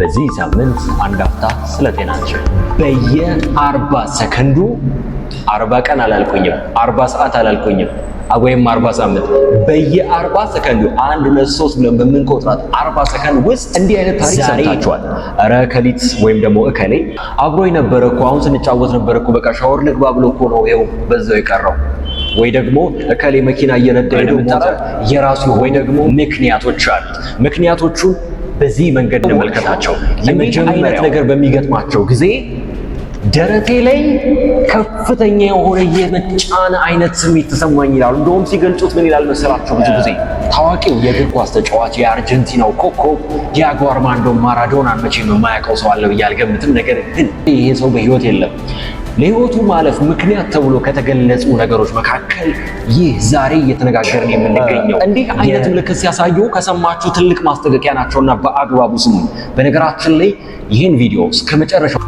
በዚህ ሳምንት አንድ አፍታ ስለ በየ በየአርባ ሰከንዱ አርባ ቀን አላልኩኝም፣ አርባ ሰዓት አላልኩኝም ወይም አርባ ሳምንት በየአርባ ሰከንዱ አንድ ሁለት ሶስት ብለን በምንቆጥራት አርባ ሰከንድ ውስጥ እንዲህ አይነት ታሪክ ሰምታችኋል። ኧረ ከሊት ወይም ደግሞ እከሌ አብሮ የነበረ እኮ አሁን ስንጫወት ነበር እኮ በቃ ሻወር ልግባ ብሎ እኮ ነው ይኸው በዛው የቀረው ወይ ደግሞ እከሌ መኪና እየነዳ የራሱ ወይ ደግሞ ምክንያቶች አሉት። ምክንያቶቹ በዚህ መንገድ እንመልከታቸው። የመጀመሪያው ነገር በሚገጥማቸው ጊዜ ደረቴ ላይ ከፍተኛ የሆነ የመጫን አይነት ስሜት ተሰማኝ ይላሉ። እንደውም ሲገልጹት ምን ይላል መሰላቸው? ብዙ ጊዜ ታዋቂው የእግር ኳስ ተጫዋች የአርጀንቲናው ኮከብ ዲያጎ አርማንዶ ማራዶናን መቼም የማያውቀው ሰው አለ ብዬ አልገምትም። ነገር ግን ይሄ ሰው በህይወት የለም። ለህይወቱ ማለፍ ምክንያት ተብሎ ከተገለጹ ነገሮች መካከል ይህ ዛሬ እየተነጋገርን የምንገኘው እንዲህ አይነት ምልክት ሲያሳዩ ከሰማችሁ ትልቅ ማስጠንቀቂያ ናቸውና በአግባቡ ስሙ። በነገራችን ላይ ይህን ቪዲዮ እስከ መጨረሻው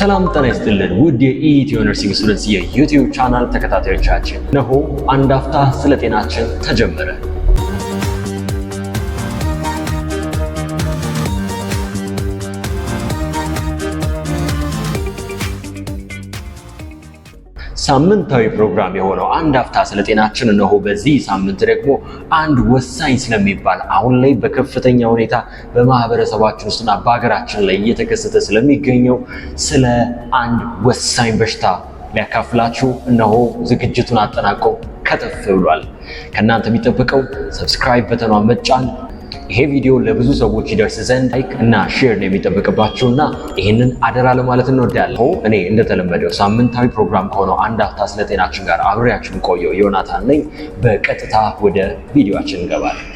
ሰላም ጤና ይስጥልን ውድ የኢትዮ ነርሲንግ ስቱደንትስ የዩቲዩብ ቻናል ተከታታዮቻችን፣ ነሆ አንድ አፍታ ስለ ጤናችን ተጀመረ። ሳምንታዊ ፕሮግራም የሆነው አንድ አፍታ ስለ ጤናችን እነሆ። በዚህ ሳምንት ደግሞ አንድ ወሳኝ ስለሚባል አሁን ላይ በከፍተኛ ሁኔታ በማህበረሰባችን ውስጥና በሀገራችን ላይ እየተከሰተ ስለሚገኘው ስለ አንድ ወሳኝ በሽታ ሊያካፍላችሁ እነሆ ዝግጅቱን አጠናቀው ከተፍ ብሏል። ከእናንተ የሚጠበቀው ሰብስክራይብ በተኗ መጫን ይሄ ቪዲዮ ለብዙ ሰዎች ይደርስ ዘንድ ላይክ እና ሼር ነው እና ይህንን አደራ ለማለት እንወዳለን። እኔ እንደተለመደው ሳምንታዊ ፕሮግራም ከሆነው አንድ አፍታ ስለ ጤናችን ጋር አብሬያችን ቆየው ዮናታን ነኝ። በቀጥታ ወደ ቪዲዮችን እንገባለን።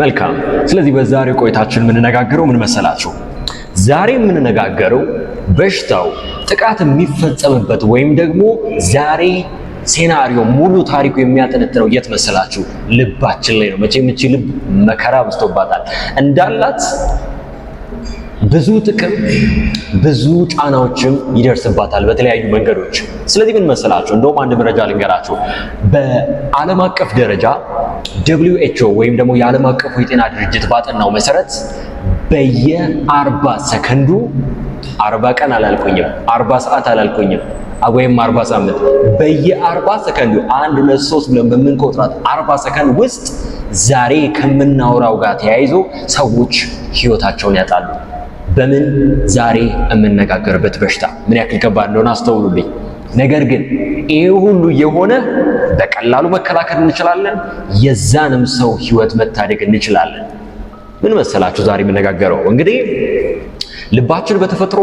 መልካም። ስለዚህ በዛሬው ቆይታችን የምንነጋገረው ምን መሰላችሁ? ዛሬ የምንነጋገረው በሽታው ጥቃት የሚፈጸምበት ወይም ደግሞ ዛሬ ሴናሪዮ ሙሉ ታሪኩ የሚያጠነጥነው የት መሰላችሁ? ልባችን ላይ ነው። መቼም እቺ ልብ መከራ በዝቶባታል። እንዳላት ብዙ ጥቅም ብዙ ጫናዎችም ይደርስባታል በተለያዩ መንገዶች። ስለዚህ ምን መሰላችሁ? እንደውም አንድ መረጃ ልንገራችሁ። በዓለም አቀፍ ደረጃ ደብሊው ኤች ኦ ወይም ደግሞ የዓለም አቀፉ የጤና ድርጅት ባጠናው መሰረት በየአርባ ሰከንዱ አርባ ቀን አላልኩኝም፣ አርባ ሰዓት አላልኩኝም ወይም አርባ ሳምንት በየአርባ ሰከንዱ አንድ ሁለት ሶስት ብለን በምንቆጥራት አርባ ሰከንድ ውስጥ ዛሬ ከምናወራው ጋር ተያይዞ ሰዎች ህይወታቸውን ያጣሉ። በምን ዛሬ የምነጋገርበት በሽታ ምን ያክል ከባድ እንደሆነ አስተውሉልኝ። ነገር ግን ይሄ ሁሉ የሆነ በቀላሉ መከላከል እንችላለን። የዛንም ሰው ህይወት መታደግ እንችላለን። ምን መሰላችሁ ዛሬ የምነጋገረው እንግዲህ ልባችን በተፈጥሮ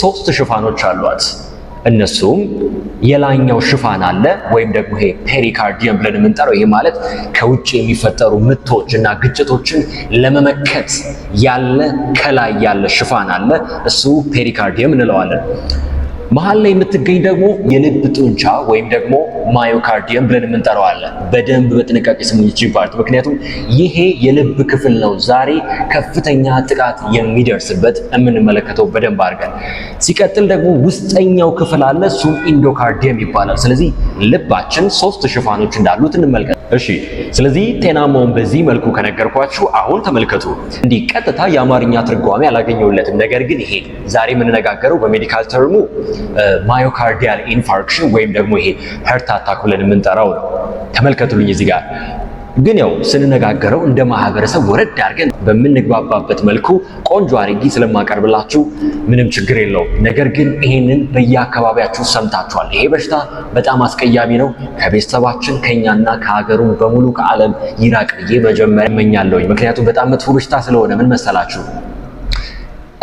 ሶስት ሽፋኖች አሏት። እነሱም የላይኛው ሽፋን አለ ወይም ደግሞ ይሄ ፔሪካርዲየም ብለን የምንጠራው ይሄ ማለት ከውጭ የሚፈጠሩ ምቶች እና ግጭቶችን ለመመከት ያለ ከላይ ያለ ሽፋን አለ። እሱ ፔሪካርዲየም እንለዋለን። መሀል ላይ የምትገኝ ደግሞ የልብ ጡንቻ ወይም ደግሞ ማዮካርዲየም ብለን የምንጠራዋለን። በደንብ በጥንቃቄ ስሙች ፓርት። ምክንያቱም ይሄ የልብ ክፍል ነው ዛሬ ከፍተኛ ጥቃት የሚደርስበት የምንመለከተው በደንብ አድርገን። ሲቀጥል ደግሞ ውስጠኛው ክፍል አለ፣ እሱም ኢንዶካርዲየም ይባላል። ስለዚህ ልባችን ሶስት ሽፋኖች እንዳሉት እንመልከት። እሺ፣ ስለዚህ ጤናማውን በዚህ መልኩ ከነገርኳችሁ አሁን ተመልከቱ። እንዲህ ቀጥታ የአማርኛ ትርጓሜ አላገኘሁለትም፣ ነገር ግን ይሄ ዛሬ የምንነጋገረው በሜዲካል ተርሙ ማዮካርዲያል ኢንፋርክሽን ወይም ደግሞ ይሄ ሀርት አታክ ብለን የምንጠራው ነው። ተመልከቱልኝ እዚህ ጋር ግን ያው ስንነጋገረው እንደ ማህበረሰብ ወረድ አድርገን በምንግባባበት መልኩ ቆንጆ አድርጌ ስለማቀርብላችሁ ምንም ችግር የለውም። ነገር ግን ይሄንን በየአካባቢያችሁ ሰምታችኋል። ይሄ በሽታ በጣም አስቀያሚ ነው፣ ከቤተሰባችን ከኛና ከሀገሩ በሙሉ ከዓለም ይራቅ ብዬ መጀመሪያ እመኛለሁኝ። ምክንያቱም በጣም መጥፎ በሽታ ስለሆነ ምን መሰላችሁ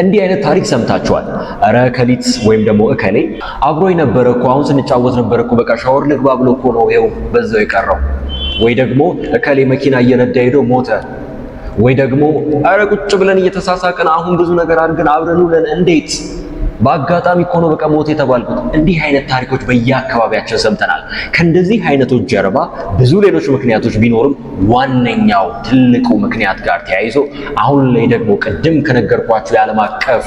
እንዲህ አይነት ታሪክ ሰምታችኋል። እረ ከሊት ወይም ደግሞ እከሌ አብሮ የነበረ እኮ አሁን ስንጫወት ነበር እኮ በቃ ሻወር ልግባ ብሎ እኮ ነው ይኸው በዛው የቀረው፣ ወይ ደግሞ እከሌ መኪና እየነዳ ሄዶ ሞተ፣ ወይ ደግሞ እረ ቁጭ ብለን እየተሳሳቅን አሁን ብዙ ነገር አድርገን አብረን ውለን እንዴት በአጋጣሚ እኮ ነው በቃ ሞት የተባልኩት። እንዲህ አይነት ታሪኮች በየአካባቢያችን ሰምተናል። ከእንደዚህ አይነቶች ጀርባ ብዙ ሌሎች ምክንያቶች ቢኖርም ዋነኛው ትልቁ ምክንያት ጋር ተያይዞ አሁን ላይ ደግሞ ቅድም ከነገርኳችሁ የዓለም አቀፍ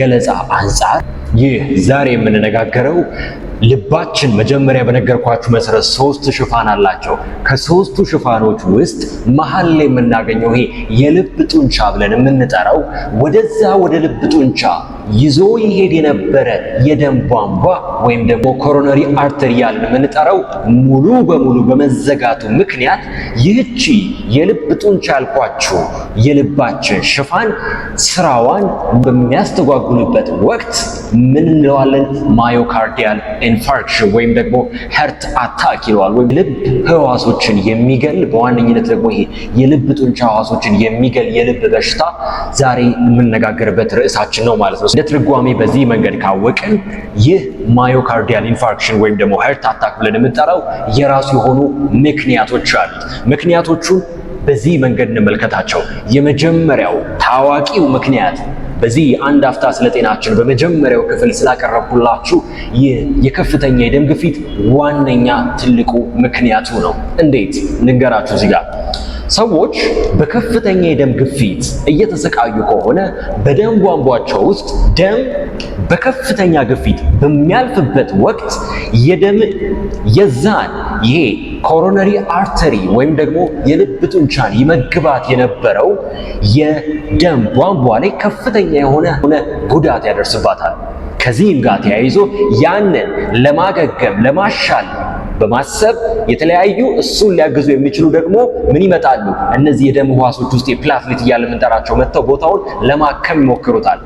ገለጻ አንጻር ይህ ዛሬ የምንነጋገረው ልባችን መጀመሪያ በነገርኳችሁ መሰረት ሶስት ሽፋን አላቸው። ከሶስቱ ሽፋኖች ውስጥ መሀል ላይ የምናገኘው ይሄ የልብ ጡንቻ ብለን የምንጠራው ወደዛ ወደ ልብ ጡንቻ ይዞ ይሄድ የነበረ የደም ቧንቧ ወይም ደግሞ ኮሮነሪ አርተሪ ያልን የምንጠራው ሙሉ በሙሉ በመዘጋቱ ምክንያት ይህቺ የልብ ጡንቻ ያልኳችሁ የልባችን ሽፋን ስራዋን በሚያስተጓጉልበት ወቅት ምን እንለዋለን? ማዮካርዲያል ኢንፋርክሽን ወይም ደግሞ ሄርት አታክ ይለዋል። ወይም ልብ ህዋሶችን የሚገል በዋነኝነት ደግሞ ይሄ የልብ ጡንቻ ህዋሶችን የሚገል የልብ በሽታ ዛሬ የምነጋገርበት ርዕሳችን ነው ማለት ነው። እንደ ትርጓሜ በዚህ መንገድ ካወቅን ይህ ማዮካርዲያል ኢንፋርክሽን ወይም ደግሞ ሄርት አታክ ብለን የምንጠራው የራሱ የሆኑ ምክንያቶች አሉት። ምክንያቶቹን በዚህ መንገድ እንመልከታቸው። የመጀመሪያው ታዋቂው ምክንያት በዚህ አንድ አፍታ ስለ ጤናችን በመጀመሪያው ክፍል ስላቀረብኩላችሁ ይህ የከፍተኛ የደም ግፊት ዋነኛ ትልቁ ምክንያቱ ነው። እንዴት ንገራችሁ እዚህ ጋር ሰዎች በከፍተኛ የደም ግፊት እየተሰቃዩ ከሆነ በደም ቧንቧቸው ውስጥ ደም በከፍተኛ ግፊት በሚያልፍበት ወቅት የደም የዛን ይሄ ኮሮነሪ አርተሪ ወይም ደግሞ የልብ ጡንቻን ይመግባት የነበረው የደም ቧንቧ ላይ ከፍተኛ የሆነ ሆነ ጉዳት ያደርስባታል። ከዚህም ጋር ተያይዞ ያንን ለማገገም ለማሻል በማሰብ የተለያዩ እሱን ሊያግዙ የሚችሉ ደግሞ ምን ይመጣሉ? እነዚህ የደም ህዋሶች ውስጥ የፕላትሌት እያለ የምንጠራቸው መጥተው ቦታውን ለማከም ይሞክሩታል።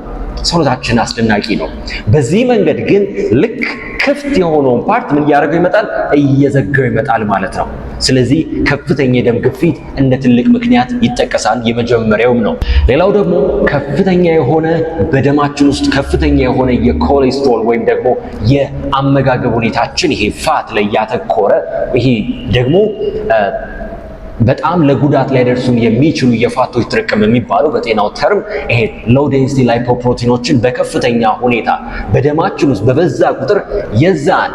ሰውነታችን አስደናቂ ነው። በዚህ መንገድ ግን ልክ ክፍት የሆነውን ፓርት ምን እያደረገው ይመጣል? እየዘጋው ይመጣል ማለት ነው። ስለዚህ ከፍተኛ የደም ግፊት እንደ ትልቅ ምክንያት ይጠቀሳል። የመጀመሪያውም ነው። ሌላው ደግሞ ከፍተኛ የሆነ በደማችን ውስጥ ከፍተኛ የሆነ የኮሌስትሮል ወይም ደግሞ የአመጋገብ ሁኔታችን ይሄ ፋት ላይ ያተኮረ ይሄ ደግሞ በጣም ለጉዳት ሊያደርሱን የሚችሉ የፋቶች ጥርቅም የሚባለው በጤናው ተርም ይሄ ሎው ዴንሲቲ ላይፖፕሮቲኖችን በከፍተኛ ሁኔታ በደማችን ውስጥ በበዛ ቁጥር የዛን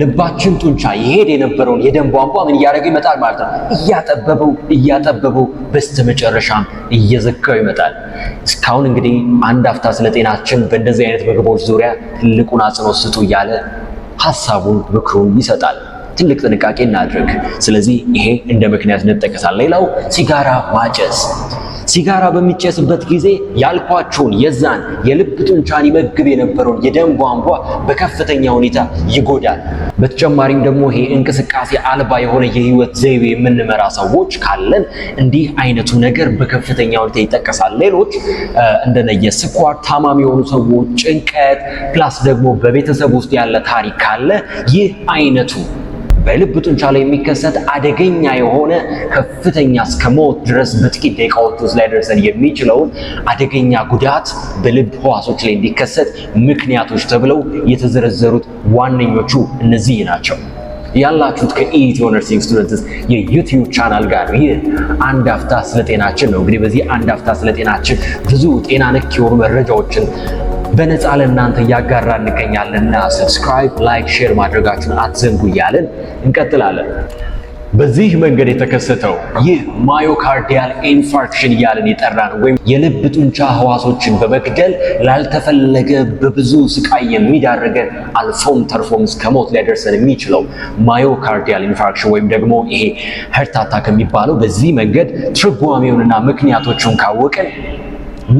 ልባችን ጡንቻ ይሄድ የነበረውን የደም ቧንቧ ምን እያደረገ ይመጣል ማለት ነው። እያጠበበው እያጠበበው በስተመጨረሻም እየዘጋው ይመጣል። እስካሁን እንግዲህ አንድ አፍታ ስለ ጤናችን በእንደዚህ አይነት ምግቦች ዙሪያ ትልቁን አጽንኦት ስጡ እያለ ሀሳቡን ምክሩን ይሰጣል። ትልቅ ጥንቃቄ እናድርግ። ስለዚህ ይሄ እንደ ምክንያት እንጠቀሳል። ሌላው ሲጋራ ማጨስ ሲጋራ በሚጨስበት ጊዜ ያልኳችሁን የዛን የልብ ጡንቻን ይመግብ የነበረውን የደም ቧንቧ በከፍተኛ ሁኔታ ይጎዳል። በተጨማሪም ደግሞ ይሄ እንቅስቃሴ አልባ የሆነ የህይወት ዘይቤ የምንመራ ሰዎች ካለን እንዲህ አይነቱ ነገር በከፍተኛ ሁኔታ ይጠቀሳል። ሌሎች እንደነየ ስኳር ታማሚ የሆኑ ሰዎች ጭንቀት፣ ፕላስ ደግሞ በቤተሰብ ውስጥ ያለ ታሪክ ካለ ይህ አይነቱ በልብ ጡንቻ ላይ የሚከሰት አደገኛ የሆነ ከፍተኛ እስከ ሞት ድረስ በጥቂት ደቂቃዎች ውስጥ ሊያደርሰን የሚችለውን አደገኛ ጉዳት በልብ ህዋሶች ላይ እንዲከሰት ምክንያቶች ተብለው የተዘረዘሩት ዋነኞቹ እነዚህ ናቸው። ያላችሁት ከኢትዮ ነርሲንግ ስቱደንትስ የዩቲዩብ ቻናል ጋር ይህ አንድ አፍታ ስለጤናችን ነው። እንግዲህ በዚህ አንድ አፍታ ስለጤናችን ብዙ ጤና ነክ የሆኑ መረጃዎችን በነፃ ለእናንተ እያጋራ እንገኛለንና ሰብስክራይብ፣ ላይክ፣ ሼር ማድረጋችሁን አትዘንጉ እያለን እንቀጥላለን። በዚህ መንገድ የተከሰተው ይህ ማዮካርዲያል ኢንፋርክሽን እያለን የጠራን ወይም የልብ ጡንቻ ህዋሶችን በመግደል ላልተፈለገ በብዙ ስቃይ የሚዳረገን አልፎም ተርፎም እስከ ሞት ሊያደርሰን የሚችለው ማዮካርዲያል ኢንፋርክሽን ወይም ደግሞ ይሄ ሀርት አታክ የሚባለው በዚህ መንገድ ትርጓሜውንና ምክንያቶቹን ካወቅን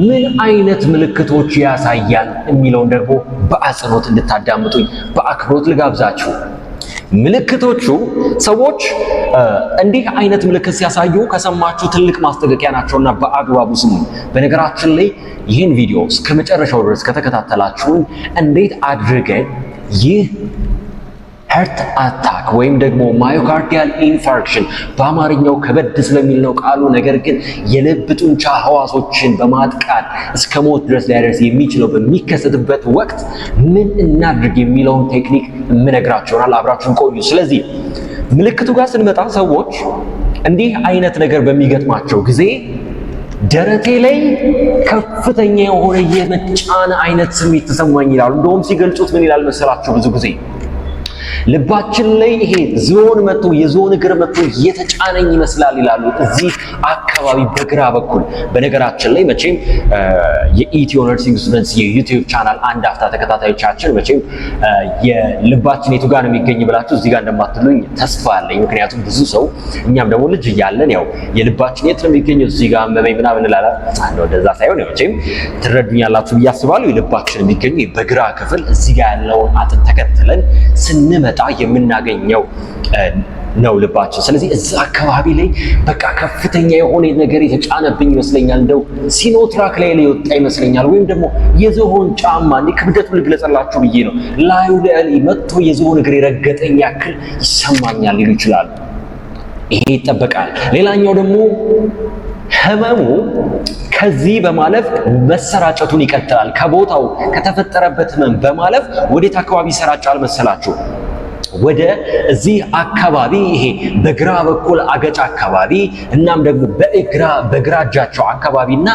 ምን አይነት ምልክቶች ያሳያል የሚለውን ደግሞ በአጽንኦት እንድታዳምጡኝ በአክብሮት ልጋብዛችሁ። ምልክቶቹ ሰዎች እንዲህ አይነት ምልክት ሲያሳዩ ከሰማችሁ ትልቅ ማስጠንቀቂያ ናቸውና በአግባቡ ስሙ። በነገራችን ላይ ይህን ቪዲዮ እስከ መጨረሻው ድረስ ከተከታተላችሁን እንዴት አድርገን ይህ ሄርት አታክ ወይም ደግሞ ማዮካርዲያል ኢንፋርክሽን በአማርኛው ከበድ ስለሚል ነው ቃሉ። ነገር ግን የልብ ጡንቻ ህዋሶችን በማጥቃት እስከ ሞት ድረስ ሊያደርስ የሚችለው በሚከሰትበት ወቅት ምን እናድርግ የሚለውን ቴክኒክ የምነግራችሁ አብራችሁን ቆዩ። ስለዚህ ምልክቱ ጋር ስንመጣ ሰዎች እንዲህ አይነት ነገር በሚገጥማቸው ጊዜ ደረቴ ላይ ከፍተኛ የሆነ የመጫን አይነት ስሜት ተሰማኝ ይላሉ። እንደውም ሲገልጹት ምን ይላል መሰላችሁ ብዙ ጊዜ ልባችን ላይ ይሄ ዝሆን መጥቶ የዝሆን እግር መጥቶ እየተጫነኝ ይመስላል ይላሉ። እዚህ አካባቢ በግራ በኩል በነገራችን ላይ መቼም የኢትዮ ነርሲንግ ስቱደንትስ የዩቲዩብ ቻናል አንድ አፍታ ተከታታዮቻችን መቼም የልባችን የቱ ጋር ነው የሚገኝ ብላችሁ እዚህ ጋር እንደማትሉኝ ተስፋ አለኝ። ምክንያቱም ብዙ ሰው እኛም ደግሞ ልጅ እያለን ያው የልባችን የት ነው የሚገኘው እዚህ ጋር መመኝ ምናምን እንላለን። ወደዛ ሳይሆን መቼም ትረዱኛላችሁ ብዬ አስባለሁ። የልባችን የሚገኘው በግራ ክፍል እዚህ ጋር ያለውን አጥንት ተከትለን ስንመ ስንመጣ የምናገኘው ነው ልባችን። ስለዚህ እዛ አካባቢ ላይ በቃ ከፍተኛ የሆነ ነገር የተጫነብኝ ይመስለኛል። እንደው ሲኖትራክ ላይ ላይ የወጣ ይመስለኛል። ወይም ደግሞ የዝሆን ጫማ እንዴ ክብደቱ ልግለጸላችሁ ብዬ ነው ላዩ ላይ መጥቶ የዝሆን እግር የረገጠኝ ያክል ይሰማኛል ሊሉ ይችላሉ። ይሄ ይጠበቃል። ሌላኛው ደግሞ ህመሙ ከዚህ በማለፍ መሰራጨቱን ይቀጥላል። ከቦታው ከተፈጠረበት ህመም በማለፍ ወዴት አካባቢ ይሰራጫል መሰላችሁ? ወደ እዚህ አካባቢ ይሄ በግራ በኩል አገጭ አካባቢ እናም ደግሞ በእግራ በግራ እጃቸው አካባቢና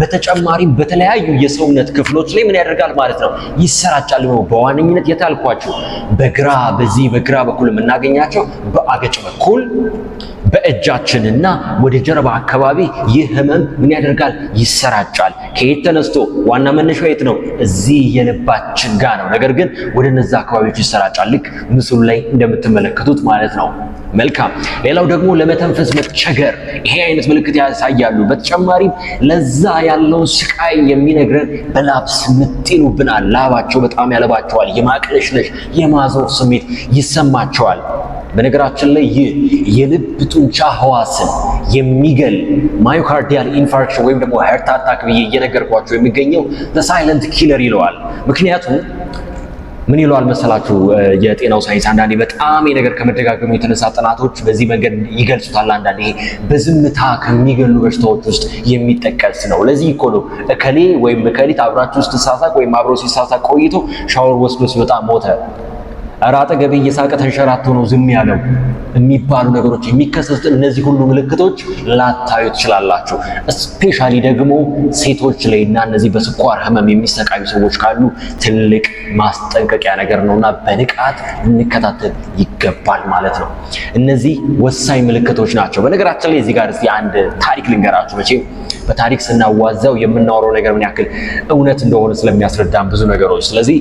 በተጨማሪም በተለያዩ የሰውነት ክፍሎች ላይ ምን ያደርጋል ማለት ነው ይሰራጫል። ነው በዋነኝነት የታልኳችሁ በግራ በዚህ በግራ በኩል የምናገኛቸው በአገጭ በኩል በእጃችንና ወደ ጀርባ አካባቢ ይህ ህመም ምን ያደርጋል ይሰራጫል። ከየት ተነስቶ ዋና መነሻው የት ነው? እዚህ የልባችን ጋ ነው። ነገር ግን ወደ እነዛ አካባቢዎች ይሰራጫል፣ ልክ ምስሉ ላይ እንደምትመለከቱት ማለት ነው። መልካም። ሌላው ደግሞ ለመተንፈስ መቸገር ይሄ አይነት ምልክት ያሳያሉ። በተጨማሪም ለዛ ያለውን ስቃይ የሚነግረን በላብስ ምጥ ይሉብናል። ላባቸው በጣም ያለባቸዋል። የማቅለሽለሽ የማዞር ስሜት ይሰማቸዋል። በነገራችን ላይ ይህ የልብ ጡንቻ ህዋስን የሚገል ማዮካርዲያል ኢንፋርክሽን ወይም ደግሞ ሄርት አታክ ብዬ እየነገርኳቸው የሚገኘው ሳይለንት ኪለር ይለዋል። ምክንያቱም ምን ይለዋል መሰላችሁ? የጤናው ሳይንስ አንዳንዴ በጣም የነገር ከመደጋገሙ የተነሳ ጥናቶች በዚህ መንገድ ይገልጹታል። አንዳንዴ ይሄ በዝምታ ከሚገሉ በሽታዎች ውስጥ የሚጠቀስ ነው። ለዚህ እኮ ነው እከሌ ወይም እከሊት አብራችሁ ስትሳሳቅ ወይም አብሮ ሲሳሳቅ ቆይቶ ሻወር ወስዶ ሲወጣ ሞተ እረ አጠገቤ እየሳቀ ተንሸራቶ ነው ዝም ያለው የሚባሉ ነገሮች የሚከሰቱት እነዚህ ሁሉ ምልክቶች ላታዩ ትችላላችሁ። ስፔሻሊ ደግሞ ሴቶች ላይ እና እነዚህ በስኳር ህመም የሚሰቃዩ ሰዎች ካሉ ትልቅ ማስጠንቀቂያ ነገር ነው እና በንቃት ልንከታተል ይገባል ማለት ነው። እነዚህ ወሳኝ ምልክቶች ናቸው። በነገራችን ላይ እዚህ ጋር እስኪ አንድ ታሪክ ልንገራችሁ መቼ በታሪክ ስናዋዛው የምናወረው ነገር ምን ያክል እውነት እንደሆነ ስለሚያስረዳን ብዙ ነገሮች። ስለዚህ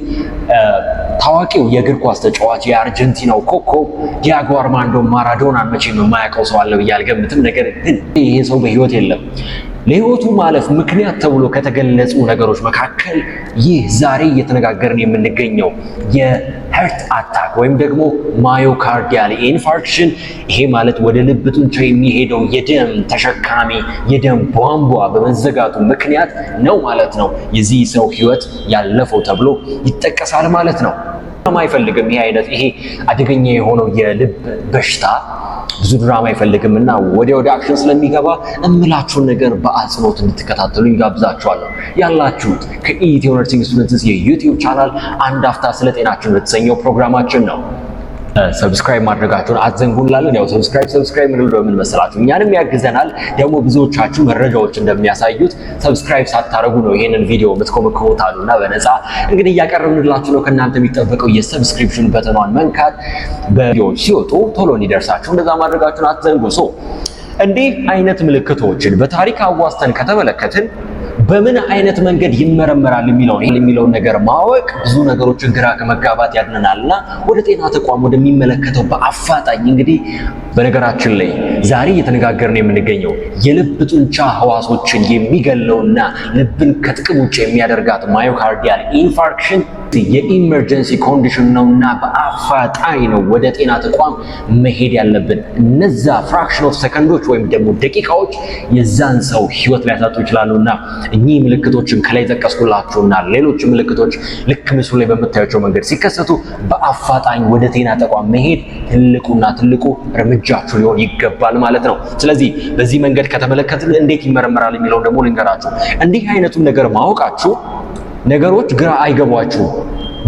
ታዋቂው የእግር ኳስ ተጫዋች የአርጀንቲናው ኮከብ ዲያጎ አርማንዶ ማራዶናን መቼም የማያውቀው ሰው አለ ብዬ አልገምትም። ነገር ግን ይሄ ሰው በህይወት የለም። ለህይወቱ ማለፍ ምክንያት ተብሎ ከተገለጹ ነገሮች መካከል ይህ ዛሬ እየተነጋገርን የምንገኘው የሀርት አታክ ወይም ደግሞ ማዮካርዲያል ኢንፋርክሽን፣ ይሄ ማለት ወደ ልብ ጡንቻ የሚሄደው የደም ተሸካሚ የደም ቧንቧ በመዘጋቱ ምክንያት ነው ማለት ነው የዚህ ሰው ህይወት ያለፈው ተብሎ ይጠቀሳል ማለት ነው። አይፈልግም ይሄ አይነት ይሄ አደገኛ የሆነው የልብ በሽታ ብዙ ድራማ አይፈልግም እና ወደ ወደ አክሽን ስለሚገባ እምላችሁን ነገር በአጽንኦት እንድትከታተሉ ይጋብዛችኋለሁ። ያላችሁት ከኢትዮ ነርሲንግ ስቱደንትስ የዩቲዩብ ቻናል አንድ አፍታ ስለጤናችን ጤናችን በተሰኘው ፕሮግራማችን ነው። ሰብስክራይብ ማድረጋችሁን አትዘንጉላለን። ያው ሰብስክራይብ ሰብስክራይብ ምን ብሎ ምን መሰላችሁ እኛንም ያግዘናል። ደግሞ ብዙዎቻችሁ መረጃዎች እንደሚያሳዩት ሰብስክራይብ ሳታደርጉ ነው ይሄንን ቪዲዮ የምትኮመኮሙት አሉና በነፃ እንግዲህ እያቀረብንላችሁ ነው። ከእናንተ የሚጠበቀው የሰብስክሪፕሽን በተኗን መንካት በቪዲዮዎች ሲወጡ ቶሎ እንዲደርሳችሁ እንደዛ ማድረጋችሁን አትዘንጉ። ሶ እንዲህ አይነት ምልክቶችን በታሪክ አዋስተን ከተመለከትን በምን አይነት መንገድ ይመረመራል የሚለውን ነገር ማወቅ ብዙ ነገሮችን ግራ ከመጋባት ያድነናል እና ወደ ጤና ተቋም ወደሚመለከተው በአፋጣኝ እንግዲህ በነገራችን ላይ ዛሬ እየተነጋገርን የምንገኘው የልብ ጡንቻ ህዋሶችን የሚገለውና ልብን ከጥቅም ውጭ የሚያደርጋት ማዮካርዲያል ኢንፋርክሽን የኢመርጀንሲ ኮንዲሽን ነውና በአፋጣኝ ነው ወደ ጤና ተቋም መሄድ ያለብን። እነዛ ፍራክሽን ኦፍ ሰከንዶች ወይም ደግሞ ደቂቃዎች የዛን ሰው ህይወት ሊያሳጡ እና እኚህ ምልክቶችን ከላይ እና ሌሎች ምልክቶች ልክ ምስሉ ላይ በምታያቸው መንገድ ሲከሰቱ በአፋጣኝ ወደ ጤና ተቋም መሄድ ትልቁና ትልቁ እርምጃችሁ ሊሆን ይገባል ማለት ነው። ስለዚህ በዚህ መንገድ ከተመለከትን እንዴት ይመረመራል የሚለውን ደግሞ ልንገራችሁ። እንዲህ አይነቱን ነገር ማወቃችሁ ነገሮች ግራ አይገቧችሁም።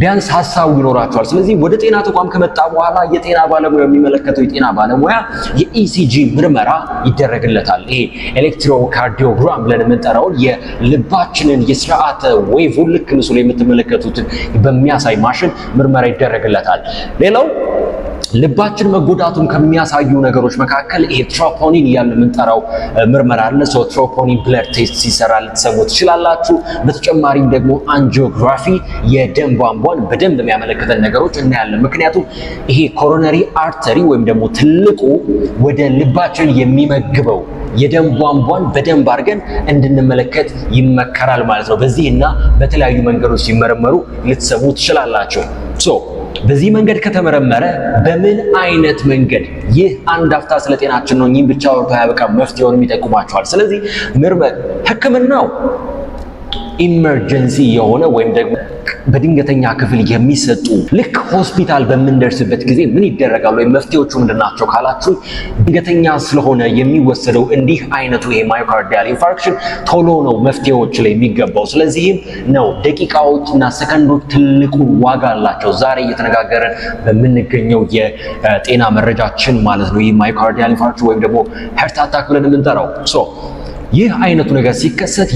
ቢያንስ ሀሳቡ ይኖራቸዋል። ስለዚህ ወደ ጤና ተቋም ከመጣ በኋላ የጤና ባለሙያ የሚመለከተው የጤና ባለሙያ የኢሲጂ ምርመራ ይደረግለታል። ይሄ ኤሌክትሮካርዲዮግራም ብለን የምንጠራውን የልባችንን የስርዓተ ወይቭ ልክ ምስሉ የምትመለከቱትን በሚያሳይ ማሽን ምርመራ ይደረግለታል። ሌላው ልባችን መጎዳቱን ከሚያሳዩ ነገሮች መካከል ይሄ ትሮፖኒን እያልን የምንጠራው ምርመራ አለ። ሰው ትሮፖኒን ብለድ ቴስት ሲሰራ ልትሰሙ ትችላላችሁ። በተጨማሪም ደግሞ አንጂኦግራፊ የደም ቧንቧን በደንብ የሚያመለክተን ነገሮች እናያለን። ምክንያቱም ይሄ ኮሮነሪ አርተሪ ወይም ደግሞ ትልቁ ወደ ልባችን የሚመግበው የደም ቧንቧን በደንብ አድርገን እንድንመለከት ይመከራል ማለት ነው። በዚህ እና በተለያዩ መንገዶች ሲመረመሩ ልትሰሙ ትችላላችሁ። በዚህ መንገድ ከተመረመረ በምን አይነት መንገድ ይህ አንድ አፍታ ስለ ጤናችን ነው፣ እኚህም ብቻ ወርቶ ያበቃ መፍትሄውንም ይጠቁማቸዋል። ስለዚህ ምርመር ህክምናው ኢመርጀንሲ የሆነ ወይም ደግሞ በድንገተኛ ክፍል የሚሰጡ ልክ ሆስፒታል በምንደርስበት ጊዜ ምን ይደረጋል ወይም መፍትሄዎቹ ምንድን ናቸው ካላችሁ ድንገተኛ ስለሆነ የሚወሰደው እንዲህ አይነቱ ይሄ ማዮካርዲያል ኢንፋርክሽን ቶሎ ነው መፍትሄዎች ላይ የሚገባው። ስለዚህም ነው ደቂቃዎች እና ሰከንዶች ትልቁ ዋጋ አላቸው። ዛሬ እየተነጋገረን በምንገኘው የጤና መረጃችን ማለት ነው ይህ ማዮካርዲያል ኢንፋርክሽን ወይም ደግሞ ሄርት አታክ ብለን የምንጠራው። ይህ አይነቱ ነገር ሲከሰት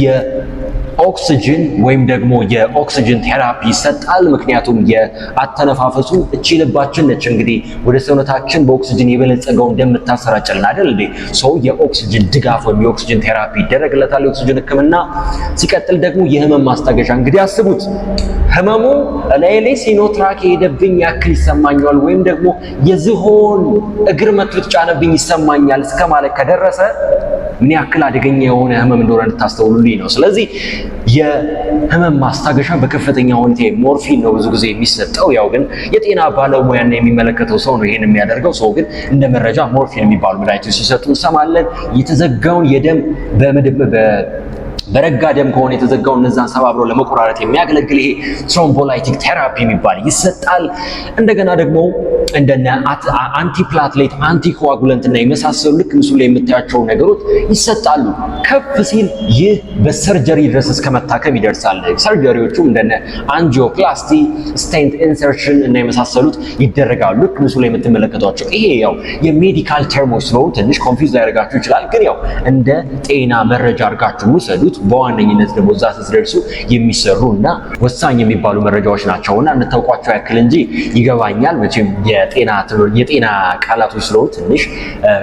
ኦክስጅን ወይም ደግሞ የኦክስጅን ቴራፒ ይሰጣል። ምክንያቱም የአተነፋፈሱ እቺ ልባችን ነች እንግዲህ ወደ ሰውነታችን በኦክስጅን የበለጸገው እንደምታሰራጭል አይደል እንዴ? ሰው የኦክስጅን ድጋፍ ወይም የኦክስጅን ቴራፒ ይደረግለታል፣ የኦክስጅን ሕክምና ሲቀጥል ደግሞ የህመም ማስታገሻ። እንግዲህ አስቡት ህመሙ እላዬ ሲኖትራክ የሄደብኝ ያክል ይሰማኛል፣ ወይም ደግሞ የዝሆን እግር መቶ የተጫነብኝ ይሰማኛል እስከ ማለት ከደረሰ ምን ያክል አደገኛ የሆነ ህመም እንደሆነ እንድታስተውሉልኝ ነው። ስለዚህ የህመም ማስታገሻ በከፍተኛ ሁኔታ ሞርፊን ነው ብዙ ጊዜ የሚሰጠው። ያው ግን የጤና ባለሙያና የሚመለከተው ሰው ነው ይሄን የሚያደርገው። ሰው ግን እንደ መረጃ ሞርፊን የሚባሉ መድኃኒቶች ሲሰጡ እንሰማለን። የተዘጋውን የደም በምድብ በረጋ ደም ከሆነ የተዘጋው እነዛን ሰባብሮ ለመቆራረጥ የሚያገለግል ይሄ ትሮምቦላይቲክ ቴራፒ የሚባል ይሰጣል። እንደገና ደግሞ እንደነ አንቲፕላትሌት አንቲኮዋጉለንት እና የመሳሰሉ ልክ ምስሉ ላይ የምታያቸው ነገሮች ይሰጣሉ። ከፍ ሲል ይህ በሰርጀሪ ድረስ እስከ መታከም ይደርሳል። ሰርጀሪዎቹም እንደነ አንጂዮፕላስቲ፣ ስቴንት ኢንሰርሽን እና የመሳሰሉት ይደረጋሉ። ልክ ምስሉ ላይ የምትመለከቷቸው ይሄ ያው የሜዲካል ተርሞች ስለሆኑ ትንሽ ኮንፊውዝ ሊያደርጋችሁ ይችላል። ግን ያው እንደ ጤና መረጃ አድርጋችሁ ውሰዱት። በዋነኝነት ደግሞ እዛ ስትደርሱ የሚሰሩ እና ወሳኝ የሚባሉ መረጃዎች ናቸው እና እንታውቋቸው ያክል እንጂ ይገባኛል መቼም የጤና ቃላቶች ስለሆኑ ትንሽ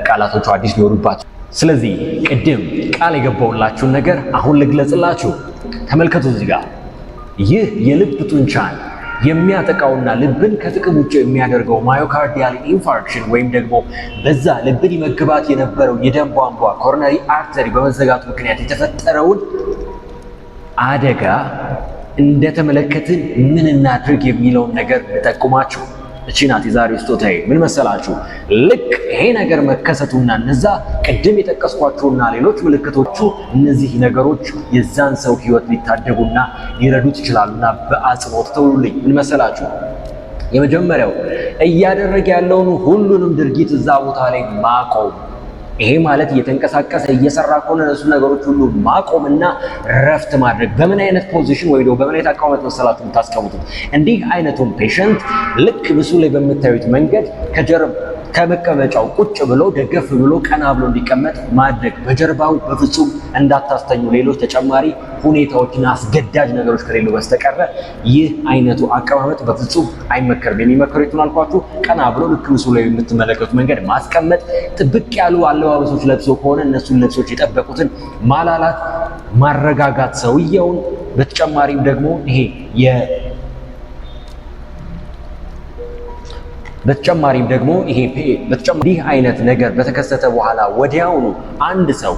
ቃላቶቹ አዲስ ሊሆኑባቸው። ስለዚህ ቅድም ቃል የገባውላችሁን ነገር አሁን ልግለጽላችሁ። ተመልከቱ እዚህ ጋር ይህ የልብ ጡንቻን የሚያጠቃውና ልብን ከጥቅም ውጭ የሚያደርገው ማዮካርዲያል ኢንፋርክሽን ወይም ደግሞ በዛ ልብን ይመግባት የነበረው የደም ቧንቧ ኮሮናሪ አርተሪ በመዘጋቱ ምክንያት የተፈጠረውን አደጋ እንደተመለከትን ምን እናድርግ የሚለውን ነገር ልጠቁማችሁ እቺ ናት የዛሬ ስጦታዬ። ምን መሰላችሁ? ልክ ይሄ ነገር መከሰቱና እነዛ ቅድም የጠቀስኳቸውና ሌሎች ምልክቶቹ እነዚህ ነገሮች የዛን ሰው ህይወት ሊታደጉና ሊረዱት ይችላሉና በአጽንኦት ተውሉልኝ። ምን መሰላችሁ? የመጀመሪያው እያደረገ ያለውን ሁሉንም ድርጊት እዛ ቦታ ላይ ማቆም ይሄ ማለት እየተንቀሳቀሰ እየሰራ ከሆነ እነሱ ነገሮች ሁሉ ማቆምና ረፍት ማድረግ። በምን አይነት ፖዚሽን ወይ ደግሞ በምን አይነት አቋመት መሰላችሁ የምታስቀምጡት? እንዲህ አይነቱን ፔሸንት ልክ ምስሉ ላይ በምታዩት መንገድ ከጀርባ ከመቀመጫው ቁጭ ብሎ ደገፍ ብሎ ቀና ብሎ እንዲቀመጥ ማድረግ፣ በጀርባው በፍጹም እንዳታስተኙ። ሌሎች ተጨማሪ ሁኔታዎችና አስገዳጅ ነገሮች ከሌሉ በስተቀረ ይህ አይነቱ አቀማመጥ በፍጹም አይመከርም። የቱን አልኳችሁ፣ ቀና ብሎ ልክ ምስሉ ላይ የምትመለከቱ መንገድ ማስቀመጥ፣ ጥብቅ ያሉ አለባበሶች ለብሶ ከሆነ እነሱን ልብሶች የጠበቁትን ማላላት፣ ማረጋጋት ሰውየውን በተጨማሪም ደግሞ ይሄ በተጨማሪም ደግሞ ይሄ እንዲህ አይነት ነገር በተከሰተ በኋላ ወዲያውኑ አንድ ሰው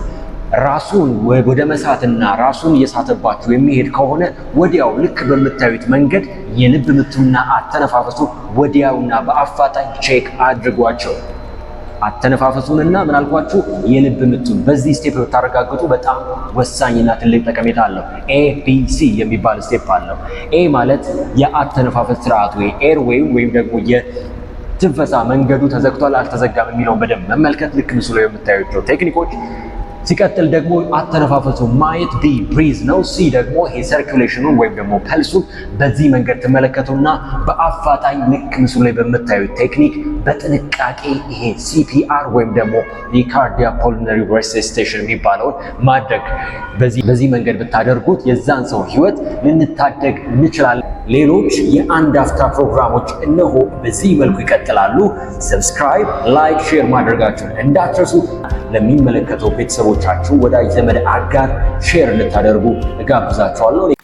ራሱን ወደ መሳትና ራሱን እየሳተባችሁ የሚሄድ ከሆነ ወዲያው ልክ በምታዩት መንገድ የልብ ምቱና አተነፋፈሱ ወዲያውና በአፋጣኝ ቼክ አድርጓቸው። አተነፋፈሱንና ምን የልብ ምቱን በዚህ ስቴፕ ብታረጋግጡ በጣም ወሳኝና ትልቅ ጠቀሜታ አለው። ኤቢሲ የሚባል ስቴፕ አለው። ኤ ማለት የአተነፋፈስ ስርዓት ወይ ኤር ወይም ደግሞ ትንፈሳ መንገዱ ተዘግቷል አልተዘጋም የሚለውን በደንብ መመልከት ልክ ምስሉ ላይ የምታዩቸው ቴክኒኮች። ሲቀጥል ደግሞ አተነፋፈሱ ማየት ቢ ብሪዝ ነው። ሲ ደግሞ ይሄ ሰርኩሌሽኑን ወይም ደግሞ ፐልሱን በዚህ መንገድ ትመለከቱና በአፋጣኝ ልክ ምስሉ ላይ በምታዩት ቴክኒክ በጥንቃቄ ይሄ ሲፒአር ወይም ደግሞ የካርዲያ ፖሊነሪ ሬሲስቴሽን የሚባለውን ማድረግ በዚህ መንገድ ብታደርጉት የዛን ሰው ህይወት ልንታደግ እንችላለን። ሌሎች የአንድ አፍታ ፕሮግራሞች እነሆ በዚህ መልኩ ይቀጥላሉ። ሰብስክራይብ፣ ላይክ፣ ሼር ማድረጋችሁን እንዳትረሱ። ለሚመለከተው ቤተሰቦቻችሁ፣ ወዳጅ ዘመድ፣ አጋር ሼር እንድታደርጉ እጋብዛችኋለሁ።